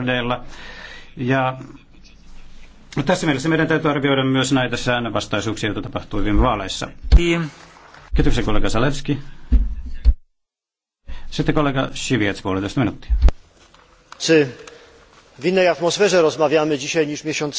standardeilla. Ja tässä mielessä meidän täytyy arvioida myös näitä säännönvastaisuuksia, joita tapahtui viime vaaleissa. Kiitoksia kollega Salevski. Sitten kollega Siwiec, puolitoista minuuttia. Czy w innej atmosferze rozmawiamy dzisiaj niż miesiąc